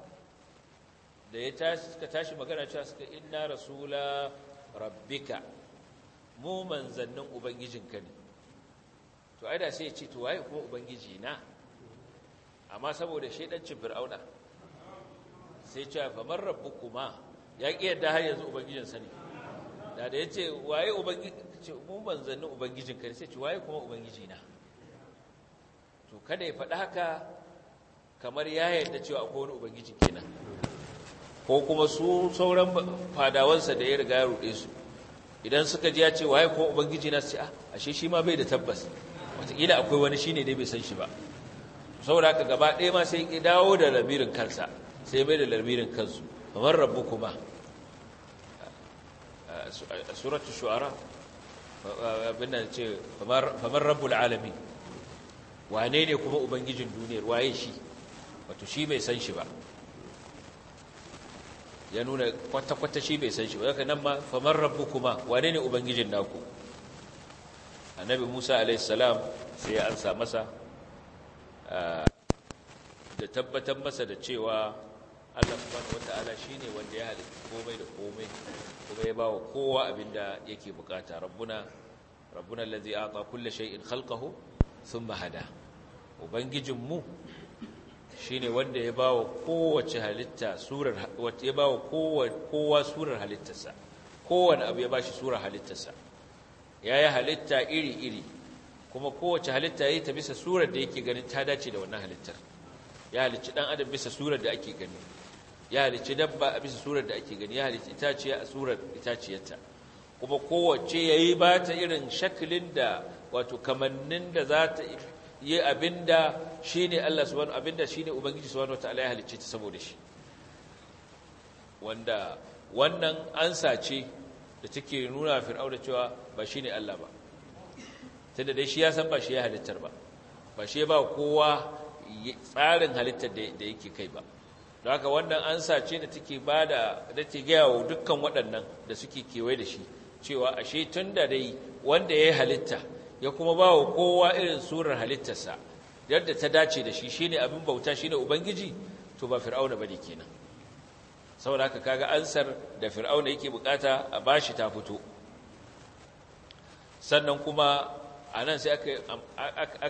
da ya tashi suka tashi magana cewa suka inna rasula rabbika mu manzannin ubangijinka ne to ai da sai ya ce to waye kuma ubangiji na amma saboda shaidancin fir'auna sai cewa famar rabbukuma ya ki yadda har yanzu ubangijinsa ne da da ya ce waye ubangiji mu manzannin ubangijinka ne sai ce waye kuma ubangiji na to kada ya faɗa haka kamar ya yadda cewa akwai wani ubangiji kenan ko kuma su sauran fadawansa da ya riga ya ruɗe su idan suka ji ya ce waye ko ubangiji na su ashe shi ma bai da tabbas wataƙila akwai wani shi ne dai bai san shi ba saboda haka gaba ɗaya ma sai dawo da lamirin kansa sai mai da lamirin kansu kamar rabbu kuma a suratul shu'ara abin ce kamar rabu alamin wane ne kuma ubangijin duniyar waye shi wato shi bai san shi ba ya nuna kwata-kwata shi bai san shi wadda nan ma famar rabu kuma wane ne ubangijin naku annabi musa alaihissalam sai ya ansa masa ah, da tabbatar masa da cewa allah subhanahu wata'ala shi ne wanda ya halitta komai da komai kuma ya ba wa kowa abinda yake bukata rabbuna rabbuna allazi ata kulli shay'in khalqahu sun hada ubangijinmu ne wanda ya ba wa kowace halitta surar ya wa kowa surar halittarsa kowane abu ya ba shi surar halittarsa yi halitta iri-iri kuma kowace halitta ya yi ta bisa surar da yake ganin ta dace da wannan halittar ya halicci dan adam bisa surar da ake gani ya halicci dabba a bisa surar da ake gani ya halicci itaciya a surar itaciyarta kuma kowace ya yi ba ta irin shakilin da wato kamannin da za ta yi abinda shi ne Allah subhanahu abinda shi ne ubangiji subhanahu ta'ala ya halicce ta saboda shi wanda wannan ansa ce da take nuna fir'auna cewa ba shi ne Allah ba tunda dai shi ya san ba shi ya halittar ba ba shi ba kowa tsarin halittar da yake kai ba don haka wannan ansa ce da take ba da take gaya wa dukkan waɗannan da suke kewaye da shi cewa ashe tunda dai wanda ya halitta ya kuma ba wa kowa irin surar halittarsa yadda ta dace da shi ne abin bauta shine ubangiji to ba fir'auna ba ne kenan saboda haka kaga ansar da fir'auna yake bukata a bashi ta fito sannan kuma anan sai aka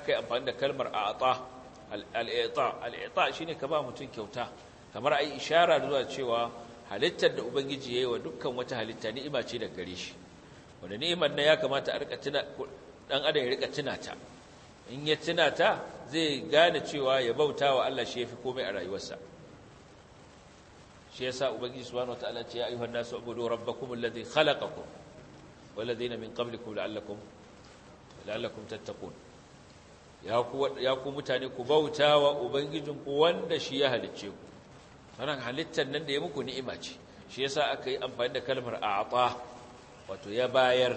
yi amfani da kalmar a'ata al'ita al'ita shine ka ba mutum kyauta kamar ayi ishara zuwa cewa halittar da ubangiji yayi wa dukkan wata halitta ni'ima ce daga gare shi wanda ni'imar nan ya kamata a rika dan adam ya rika tuna ta in ya tuna ta zai gane cewa ya bauta wa Allah shi yafi komai a rayuwarsa shi yasa ubangiji subhanahu wataala ce ya ayyuhan nasu ubudu rabbakum alladhi khalaqakum walladhina min qablikum la'allakum la'allakum tattaqun ya ku ya ku mutane ku bauta wa ku wanda shi ya halicce ku sanan halittar nan da ya muku ni'ima ce shi yasa aka yi amfani da kalmar a'ata wato ya bayar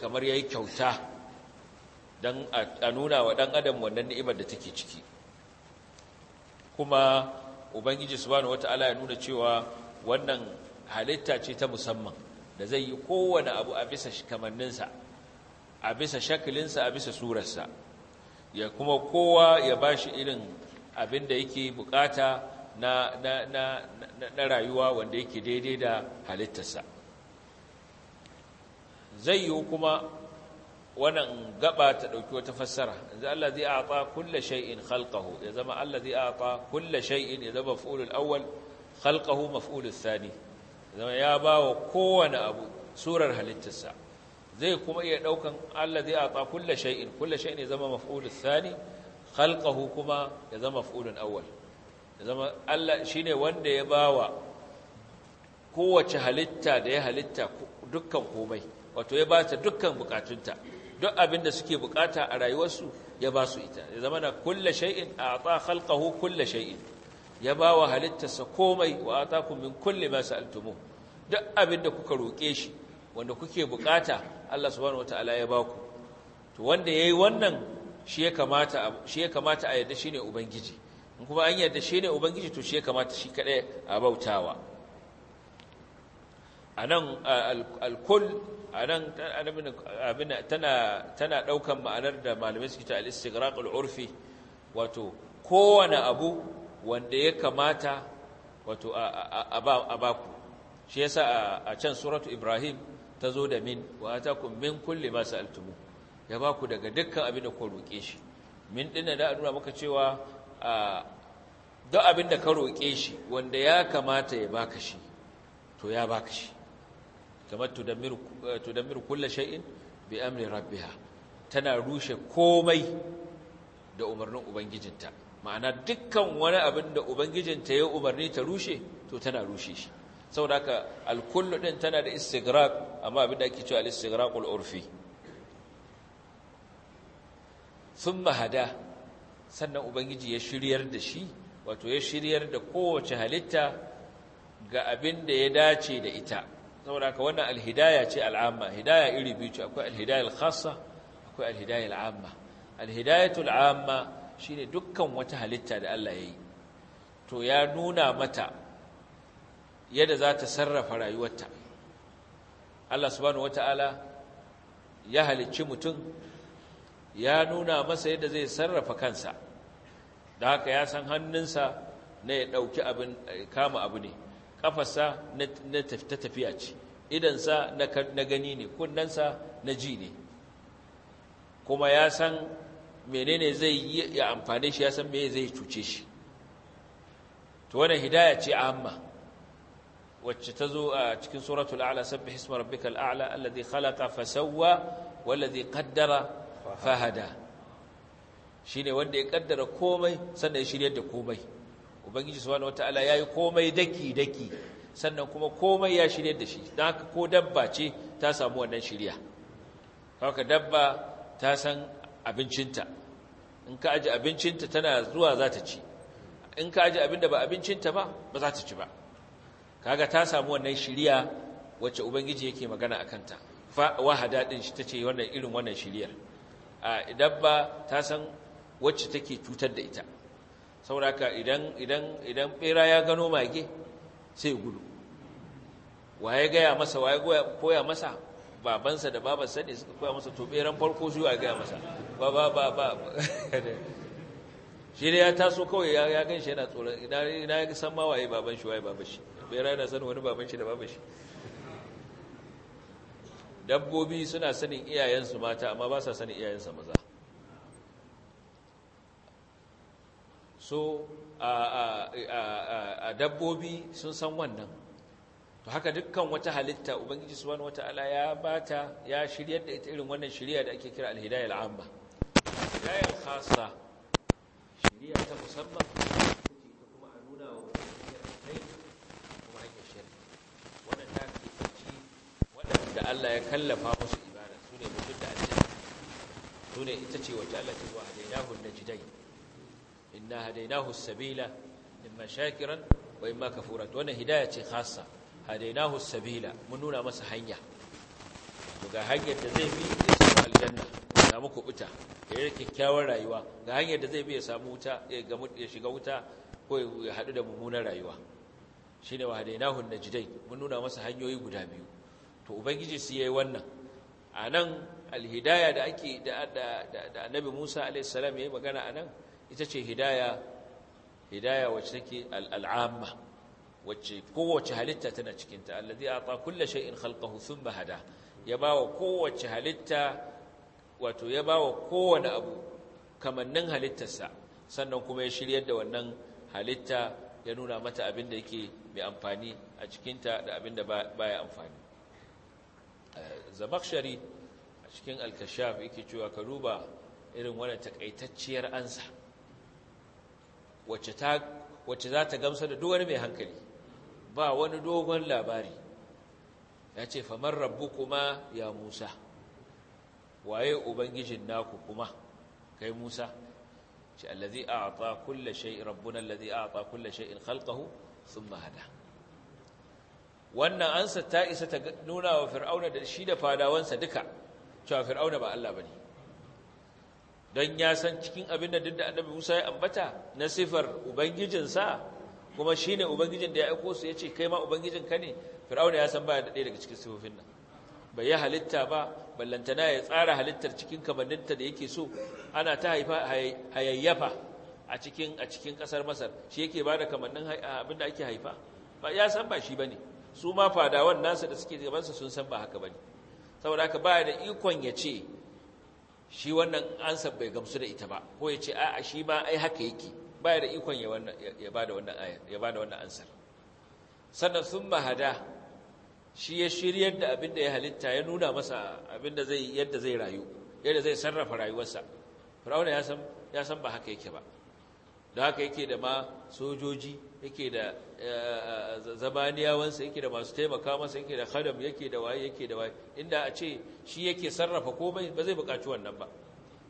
kamar ya yi kyauta don a nuna wa ɗan adam wannan ni'imar da take ciki kuma ubangiji su wata ala ya nuna cewa wannan halitta ce ta musamman da zai yi kowane abu a bisa kamanninsa a bisa shakilinsa a bisa surarsa ya kuma kowa ya ba shi irin abin da yake bukata na, rayuwa wanda yake daidai da halittarsa zai yi kuma wannan gaba ta ɗauki wata fassara yanzu Allah zai ata kulla shay'in khalqahu ya zama Allah zai ata kulla shay'in ya zama maf'ulul awwal khalqahu maf'ulul thani zama ya bawa kowane abu surar halittarsa zai kuma iya daukan Allah zai ata kulla shay'in kulla shay'in ya zama maf'ulul thani khalqahu kuma ya zama maf'ulul awwal ya zama Allah shine wanda ya bawa kowace halitta da ya halitta dukkan komai wato ya ba ta dukkan bukatunta duk abin da suke bukata a rayuwarsu ya ba su ita ya zama na kulla shay'in a'ta khalqahu kulle shay'in ya ba wa halittarsa komai wa atakum min kulli ma altumo. duk abin da kuka roke shi wanda kuke bukata Allah subhanahu wataala ya ba ku to wanda yayi wannan shi ya kamata shi ya kamata a yadda shine ubangiji kuma an shine ubangiji to shi ya kamata shi kadai a bautawa a nan alkul a nan tana ɗaukan ma'anar da malamai suke ta al'istigraq al'urfi wato kowane abu wanda ya kamata wato a baku shi yasa a can suratu ibrahim ta zo da min wa atakum min kulli ma sa'altumu ya baku daga dukkan abin da ku roƙe shi min dinna da nuna maka cewa duk abin da ka roƙe shi wanda ya kamata ya baka shi to ya baka shi kamar tudammiru eh, kulla sha'in, bi amri rabbiha tana rushe komai da umarnin ubangijinta ma'ana dukkan wani abin da ubangijinta ya umarni ta rushe to tana rushe shi saboda haka alkullu din tana da istighraq amma abin da ake cewa al urfi Sun mahada sannan ubangiji ya shiryar da shi wato ya shiryar da kowace halitta ga abin da ya dace da ita saboda ka wannan alhidaya ce al'amma hidaya iri biyu ce akwai alhidayar khassa akwai alhidayar al'amma alhidayatul amma shine dukkan wata halitta da Allah ya yi to ya nuna mata yadda za ta sarrafa rayuwarta Allah subhanahu wata'ala ya halicci mutum ya nuna masa yadda zai sarrafa kansa da haka ya san hannunsa ne ya ɗauki abin kama abu ne kafarsa na ta tafiya ce idansa na gani ne kunnensa na ji ne kuma ya san menene zai yi ya amfani shi ya san meye zai cuce shi to wannan hidaya ce amma wacce ta zo a cikin suratul a'la sabbih isma rabbikal a'la alladhi khalaqa fasawwa walladhi qaddara fahada shine wanda ya kaddara komai sannan ya shiryar da komai ubangiji subhanahu wataala yayi komai daki daki sannan kuma komai ya shiryar da shi don haka ko dabba ce ta samu wannan shirya haka dabba ta san abincinta in ka aji abincinta tana zuwa za ta ci in ka aji abin ba abincinta ba ba za ta ci ba kaga ta samu wannan shirya wacce ubangiji yake magana a kanta. fa wahada din shi ce wannan irin wannan shiriyar a dabba ta san wacce take cutar da ita sauraka idan idan idan bera ya gano mage sai gudu waye gaya masa waye koya masa babansa da babarsa ne suka koya masa to beran farko shi waye gaya masa ba ba ba ba shi ne ya taso kawai ya ya ganshi yana idan ina ya san ma waye baban shi waye baban shi bera yana sanin wani baban shi da baban shi dabbobi suna sanin iyayensu mata amma ba sa sanin iyayensa maza so a dabbobi sun san wannan to haka dukkan wata halitta ubangiji subhanahu wataala ya bata ya shiryar da ita irin wannan shiriya da ake kira al amma hidayah khassa shiriya ta musamman kuma a nuna wa kuma shirya wannan ci Allah ya kallafa musu ibada sune mutum da su sune ita ce wacce Allah ta zuwa da jidai. inna hadainahu sabila imma shakiran wa imma kafura to wannan hidaya ce khassa hadainahu sabila mun nuna masa hanya to ga hanyar da zai bi ya samu aljanna ya samu kubuta ya yi kyakkyawar rayuwa ga hanyar da zai bi ya samu wuta ya shiga wuta ko ya haɗu da mummunar rayuwa shine wa hadainahu najdai mun nuna masa hanyoyi guda biyu to ubangiji su yayi wannan anan alhidaya da ake da da annabi Musa alaihi salam yayi magana anan ita ce hidaya hidaya wacce take al'amma wacce kowace halitta tana cikinta allazi ata kulli shay'in khalqahu thumma hada ya bawa kowace halitta wato ya bawa kowane abu kamannin halittarsa sannan kuma ya shiryar da wannan halitta ya nuna mata abin da yake mai amfani a cikinta da abin da baya amfani eh, zamakshari a cikin alkashaf yake cewa ka duba irin wani takaitacciyar ansa wacce za ta gamsa da duwani mai hankali ba wani dogon labari ya ce famar rabu kuma ya musa waye ubangijin naku kuma kai musa ce allazi a kulle shai rabbuna allazi a ata kulle shai in halkahu sun mahada wannan ansa ta isa ta nuna wa fir'auna da shi da fadawansa duka cewa fir'auna ba Allah ba ne don ya san cikin abin da duk da annabi Musa ya ambata na sifar ubangijinsa kuma shi ne ubangijin da ya aiko su ya ce kai ma ubangijin ka ne fir'auna ya san baya da ɗaya daga cikin sifofin nan bai ya halitta ba ballantana ya tsara halittar cikin kamanninta da yake so ana ta haifa hayayyafa a cikin a cikin kasar Masar shi yake bada kamannin abin da ake haifa ba ya san ba shi ba ne. su ma fadawan nasu da suke gabansa sun san ba haka ba ne. saboda haka baya da ikon ya ce shi wannan ansar bai gamsu da ita ba ko ya ce a'a shi ma ai haka yake baya da ikon ya ba da wannan ansar sannan sun mahada shi ya shiryar da abin da ya halitta ya nuna masa abin da zai yadda zai rayu yadda zai sarrafa rayuwarsa fir'auna ya san ya san ba haka yake ba da haka yake da ma sojoji yake da eh, eh, eh, zamaniyawansa yake da masu taimaka masa yake da khadam yake da waye yake da waye inda a ce shi yake sarrafa komai ba zai buƙaci wannan ba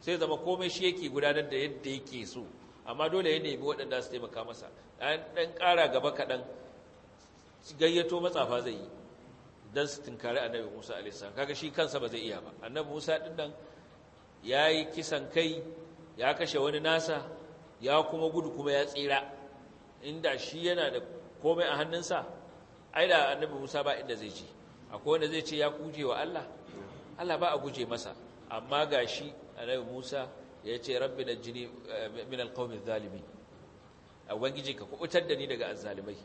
sai zama komai shi yake gudanar da yadda yake so amma dole ya nemi waɗanda su taimaka masa ɗan ƙara gaba kaɗan gayyato matsafa zai yi don su tunkari annabi musa alisa kaga shi kansa ba zai iya ba annabi musa ɗin nan ya yi kisan kai ya kashe wani nasa ya kuma gudu kuma ya tsira inda shi yana da komai a hannunsa ai da annabi Musa ba inda zai ce akwai wanda zai ce ya kuje wa Allah Allah ba a guje masa amma ga gashi annabi Musa ya ce rabbi jini eh, min zalimi, a ubangiji ka kubutar da ni daga azzalimai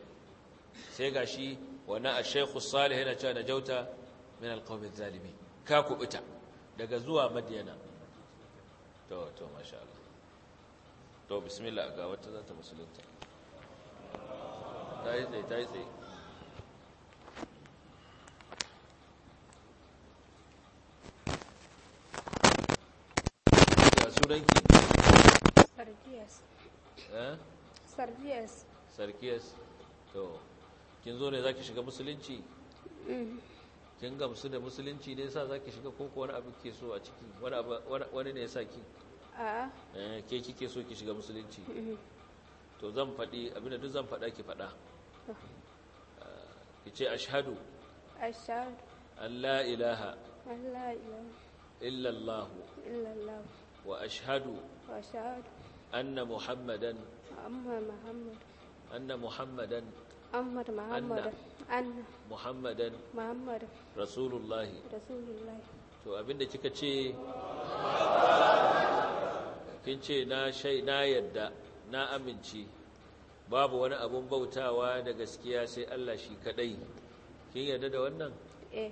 sai gashi wani a shaykh salih yana cewa na jauta min alqawmi zalimi, ka kubuta daga zuwa madiyana to to masha to bismillah ga wata zata musulunta ta yi tsaye ta sarkiyas sarkiyas to kin zo ne za ki shiga musulunci mm. kin gamsu da musulunci ne sa za ki shiga koko wani abu ke so a ciki wani ne ya sa ki a eh, ke kike so ki shiga musulunci mm-hmm. to zan faɗi abinda duk zan faɗa ki faɗa ki ce ashhadu ashhadu Allah ilaha Allah ilaha illallah illallah wa ashhadu wa ashhadu anna muhammadan amma muhammad anna muhammadan Ammar Muhammad Anna Muhammadan Muhammad Rasulullah Rasulullah to abinda kika ce kin ce na shai na yadda na amince babu wani abun bautawa da gaskiya sai Allah shi kadai kin yarda da wannan eh.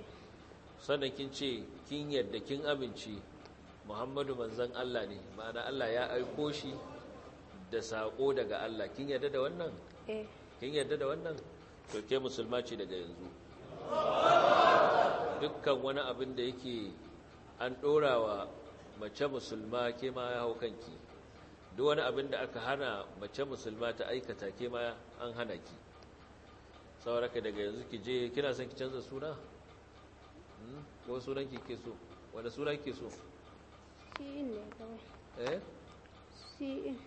sannan kin ce kin yarda kin amince Muhammadu manzon Allah ne ma'ana Allah ya aiko shi da sako daga Allah kin yarda da wannan eh kin yarda da wannan to ke musulma ce daga yanzu dukkan wani abin da yake an dorawa mace musulma ke ma ya haukanki kanki duk wani abin da aka hana mace musulma ta aikata ke ma an hana ki ka daga yanzu ki je kina son ki canza suna hmm? ko sunan ki ke so wanda suna ke so si'in ne kawai eh si'in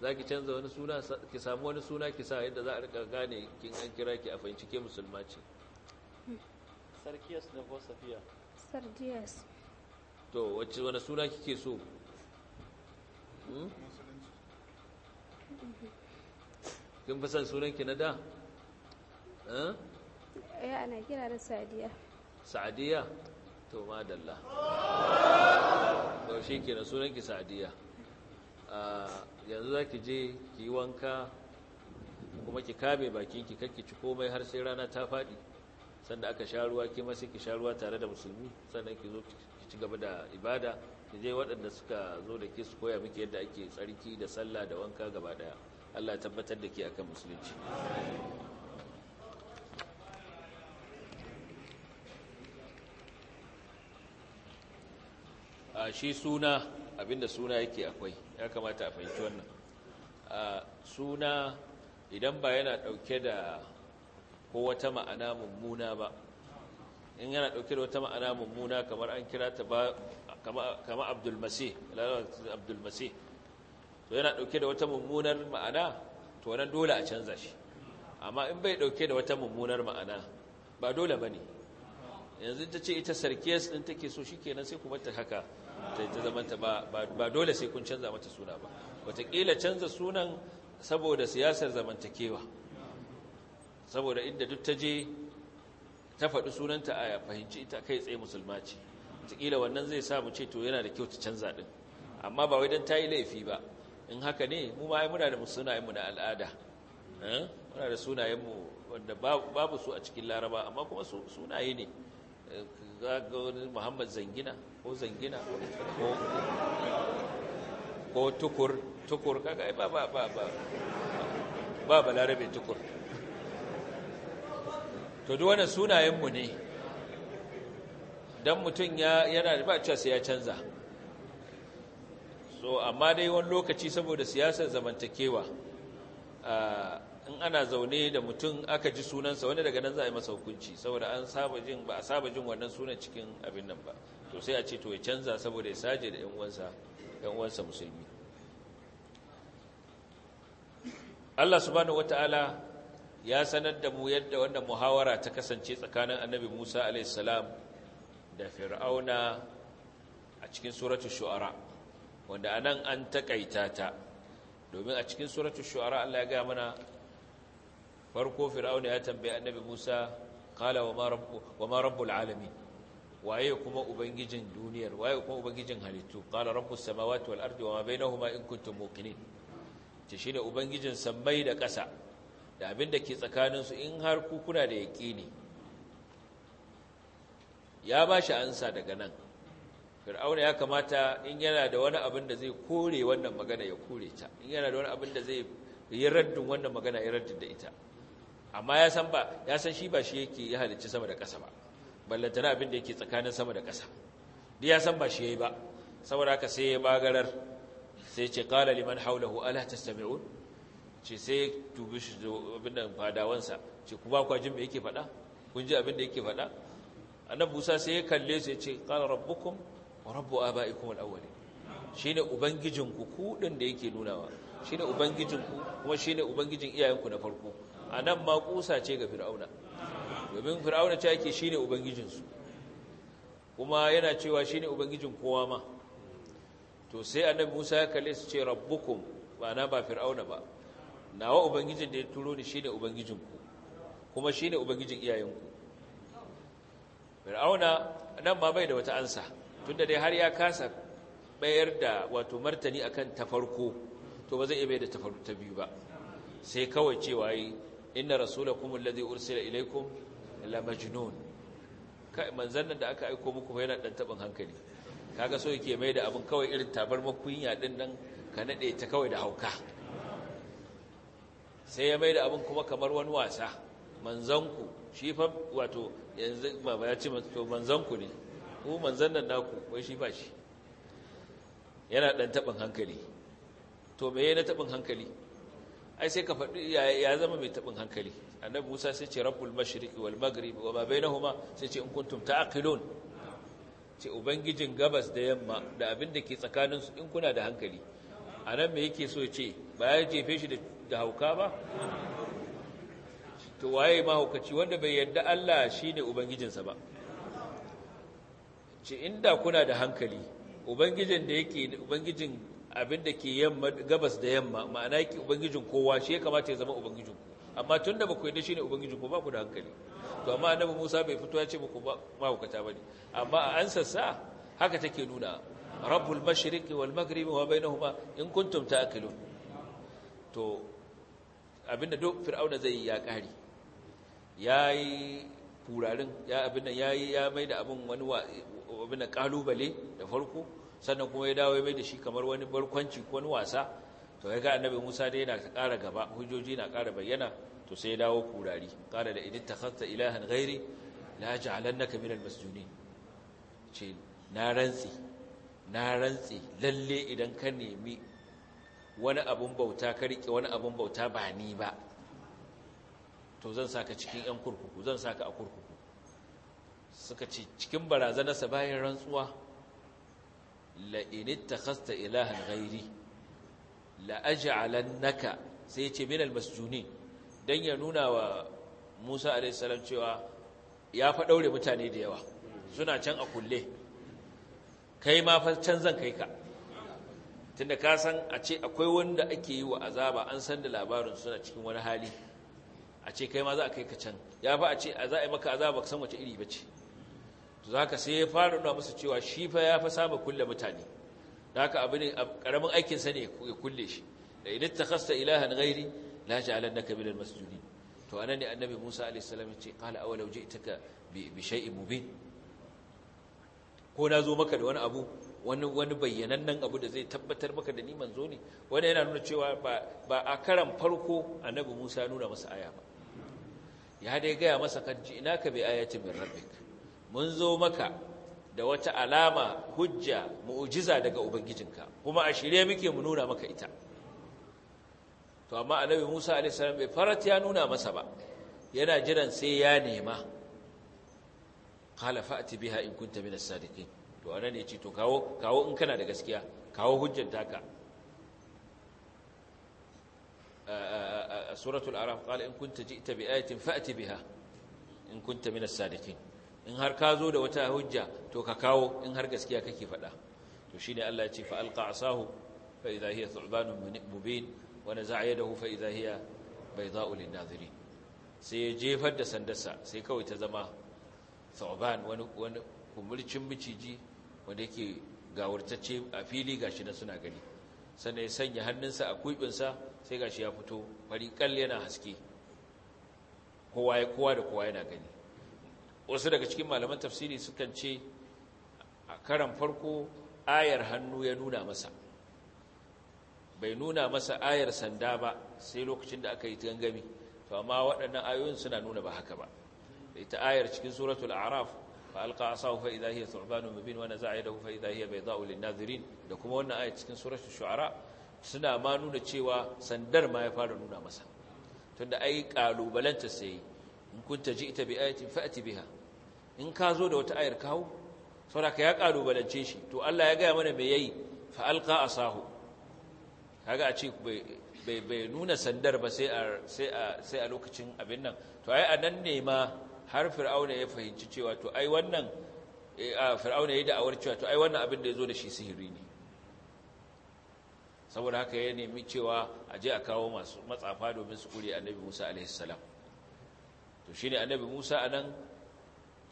za ki canza wani suna ki samu wani suna ki sa yadda za a rika gane kin an kira ki a fahimci ke musulma ce sarkiyas ne ko safiya to wacce wani suna kike so Hmm? kin fi son sunanki na da? ya eh? eh, ana kira da sadiya sadiya to ma ba shi ke na sunanki sadiya ah, yanzu za ki je ki yi wanka kuma ki kame bakinki kakki ci komai har sai rana ta faɗi sanda aka sha ruwa ke masu ki sha ruwa tare da musulmi sannan ki zo ki ci gaba da ibada ki je waɗanda suka zo da ke su koya miki yadda ake tsarki da sallah da wanka gaba ɗaya Allah tabbatar da ke akan musulunci a shi suna abinda suna yake akwai ya kamata a fahimci wannan suna idan ba yana ɗauke da ko wata ma'ana mummuna ba in yana ɗauke da wata ma'ana mummuna kamar an kira ta ba kama abdulmasih abdulmasih to yana ɗauke da wata mummunar ma'ana to wannan dole a canza shi amma in bai ɗauke da wata mummunar ma'ana ba dole ba ne yanzu ta ce ita sarkiyas ɗin take so shi kenan sai kuma ta haka ta zamanta ba dole sai kun canza mata suna ba watakila canza sunan saboda siyasar zamantakewa saboda inda duk ta je ta faɗi sunanta a fahimci ita kai tsaye musulma ce wataƙila wannan zai sa mu ce to yana da kyau ta canza ɗin amma ba wai don ta yi laifi ba in haka ne mu ma muna da sunayenmu na al'ada eh? muna da sunayenmu wanda babu su a cikin laraba amma kuma sunaye ne eh, ga wani muhammad zangina ko zangina ko tukur tukur kaga ba ba ba ba ba balarabe tukur to duk wannan sunayenmu ne don mutum yana da ba cewa sai ya canza so amma dai wani lokaci saboda siyasar zamantakewa in ana zaune da mutum aka ji sunansa wani daga nan za a yi masa hukunci saboda an saba jin ba a saba jin wannan sunan cikin abin nan ba to sai a ce to ya canza saboda ya saje da 'yan uwansa musulmi Allah subhanahu wata'ala ya sanar da mu yadda wannan muhawara ta kasance tsakanin annabi Musa salam da fir'auna a cikin suratul shu'ara wanda anan an takaita ta domin a cikin suratul shu'ara Allah ya ga mana farko fir'auna ya tambaye annabi Musa qala wa ma rabbu wa ma rabbul alamin waye kuma ubangijin duniyar waye kuma ubangijin halittu qala rabbus samawati wal ardi wa ma bainahuma in kuntum muqinin ce shine ubangijin sammai da ƙasa da abin da ke tsakaninsu in har ku kuna da yaƙini ya ba shi ansa daga nan fir'auna ya kamata in yana da wani abin da zai kore wannan magana ya kore ta in yana da wani abin da zai yi raddin wannan magana ya raddin da ita amma ya san ba ya san shi ba shi yake ya halicci sama da ƙasa ba ballantana abin da yake tsakanin sama da ƙasa duk ya san ba shi yayi ba saboda haka sai ya bagarar sai ce qala liman hawlahu ala tastami'un ce sai tubi shi abin da fadawansa ce ku ba ku jin me yake faɗa kun ji abin da yake faɗa annabi Musa sai ya kalle su ya ce qala rabbukum wa rabbu abaikum al-awwalin shine Ubangijin ku din da yake nunawa shine ku kuma shine ubangijin iyayenku na farko anan ma kusa ce ga fir'auna domin fir'auna ce yake shine ubangijinsu kuma yana cewa shine ubangijin kowa ma to sai annabi Musa ya kalle su ce rabbukum ba na ba fir'auna ba nawa ubangijin da ya turo ni shine ku? kuma shine ubangijin iyayenku fir'auna nan ba bai da wata ansa da dai har ya kasa bayar da wato martani akan ta farko to ba zai iya bayar da ta biyu ba sai kawai cewa yi inna rasulakum alladhi ursila ilaykum la majnun kai manzon da aka aika muku yana dan tabin hankali kaga so yake mai da abin kawai irin tabar makunya din nan ka nade ta kawai da hauka sai ya mai da abin kuma kamar wani wasa manzanku shi fa wato yanzu baba ya ce to manzan ku ne ku manzan nan naku wai shi ba shi yana dan tabin hankali to me na tabin hankali ai sai ka faɗi ya zama mai tabin hankali annabi Musa sai ce rabbul mashriqi wal maghribi wa ma bainahuma sai ce in kuntum ta'qilun ce ubangijin gabas da yamma da abin da ke tsakaninsu in kuna da hankali a nan me yake so ce ba ya jefe shi da hauka ba to waye mahaukaci wanda bai yarda Allah shi ne ubangijinsa ba ce inda kuna da hankali ubangijin da yake ubangijin abinda ke yamma gabas da yamma ma'ana yake ubangijin kowa shi ya kamata ya zama ubangijin ku amma tun da ba ku yarda ne ubangijin ku ba ku da hankali to amma annabi Musa bai fito ya ce muku mahaukata bane amma a ansarsa haka take nuna rabbul mashriqi wal maghribi wa bainahuma in kuntum ta'kulun to abinda duk fir'auna zai yi ya kare ya furarin ya abin nan yayi ya mai da abin wani abin da kalubale da farko sannan kuma ya dawo ya mai da shi kamar wani barkwanci ko wani wasa to ya ga annabi Musa dai yana ƙara gaba hujjoji na ƙara bayyana to sai ya dawo kurari ƙara da idan takhatta ilahan ghairi la ja'alannaka minal masjunin ce na rantsi na rantsi lalle idan ka nemi wani abun bauta ka rike wani abun bauta ba ni ba to zan saka cikin 'yan kurkuku zan saka a kurkuku suka ce cikin barazanarsa bayan rantsuwa la'init ta kasta ilahan gairi la'aja'alan naka sai ce minal masjuni Dan ya nuna wa musa alaihissalam cewa ya fa ɗaure mutane da yawa suna can a kulle kai ma fa can zan kai ka tunda ka san a ce akwai wanda ake yi wa azaba an san da labarin suna cikin wani hali a ce kai ma za a kai ka can ya fi a ce a za a yi maka azaba ka san wace iri ba ce to za ka sai ya fara nuna musu cewa shi fa ya fa samun kulle mutane da haka abu ne karamin aikinsa ne ya kulle shi da idan ta khasta ilahan ghairi la ja'alannaka minal masjudin to anan ne annabi Musa alayhi salam ya ce qala awalau ji'taka bi shay'in mubin ko na zo maka da wani abu wani wani bayyanannen abu da zai tabbatar maka da ni manzo ne Wani yana nuna cewa ba ba a karan farko annabi Musa nuna masa aya ba ya dai gaya masa kanci ina ka bi ayati min rabbik mun zo maka da wata alama hujja mu'jiza daga ubangijinka kuma a shirye muke mu nuna maka ita to amma annabi Musa alaihi salam bai farat ya nuna masa ba yana jiran sai ya nema qala fa'ti biha in kunta min as-sadiqin to anan yace to kawo kawo in kana da gaskiya kawo hujjar taka suratul araf qala in kunta ji'ta bi ayatin fa'ti biha in kunta minas sadiqin in har ka zo da wata hujja to ka kawo in har gaskiya kake faɗa to shine Allah ya ce fa alqa asahu fa idha hiya thu'banun mubin wa naza'a yadahu fa idha hiya baydha'u lin-nadhirin sai ya jefar da sandarsa sai kawai ta zama thu'ban wani wani kumurcin miciji wanda yake gawurtacce a fili gashi na suna gani sannan ya sanya hannunsa a kuibinsa sai gashi ya fito kalli yana haske kowa ya kowa da kowa yana gani wasu daga cikin malaman tafsiri sukan ce a karan farko ayar hannu ya nuna masa bai nuna masa ayar sanda ba sai lokacin da aka yi gangami to amma waɗannan ayoyin suna nuna ba haka ba ita ayar cikin suratul araf fa alqa asahu fa idha hiya thurbanun mubin wa naza'a yadahu fa idha hiya bayda'u lin-nadhirin da kuma wannan ayar cikin suratul shu'ara suna ma nuna cewa sandar ma ya fara nuna masa tunda ai kalubalanta sai in kunta ita bi ayatin fa'ati biha in ka zo da wata ayar kawo saboda ya kalubalance shi to Allah ya gaya mana me yayi fa alqa asahu kaga a ce bai nuna sandar ba sai a lokacin abin nan to ai a ne ma har fir'auna ya fahimci cewa to ai wannan eh, fir'auna ya yi da'awar cewa to ai wannan abin da ya zo da shi sihiri ne saboda haka ya nemi cewa a je a kawo masu matsafa domin su kure annabi musa alaihissalam to shi ne annabi musa a nan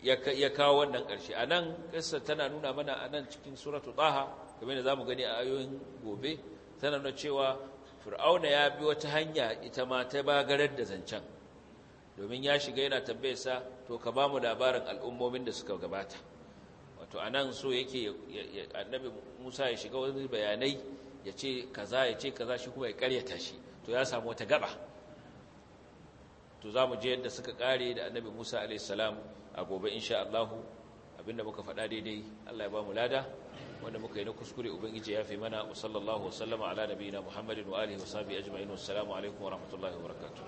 ya kawo wannan ƙarshe a nan ƙasar tana nuna mana a nan cikin suratu ɗaha game da za mu gani a ayoyin gobe tana nuna cewa fir'auna ya bi wata hanya ita ma ta bagarar da zancen domin ya shiga yana sa to ka ba mu labarin al'ummomin da suka gabata wato a nan so yake annabi musa ya shiga wani bayanai ya ce kaza ya ce kaza shi kuma ya karyata shi to ya samu wata gaba to za mu je yadda suka kare da annabi musa alaihissalam a gobe insha allahu abinda muka faɗa daidai allah ya ba mu lada wanda muka yi na kuskure ubangiji ya fi mana wa sallallahu wasallama ala nabiyina muhammadin wa alihi wa sahbihi ajma'in wassalamu alaikum wa rahmatullahi wa barakatuh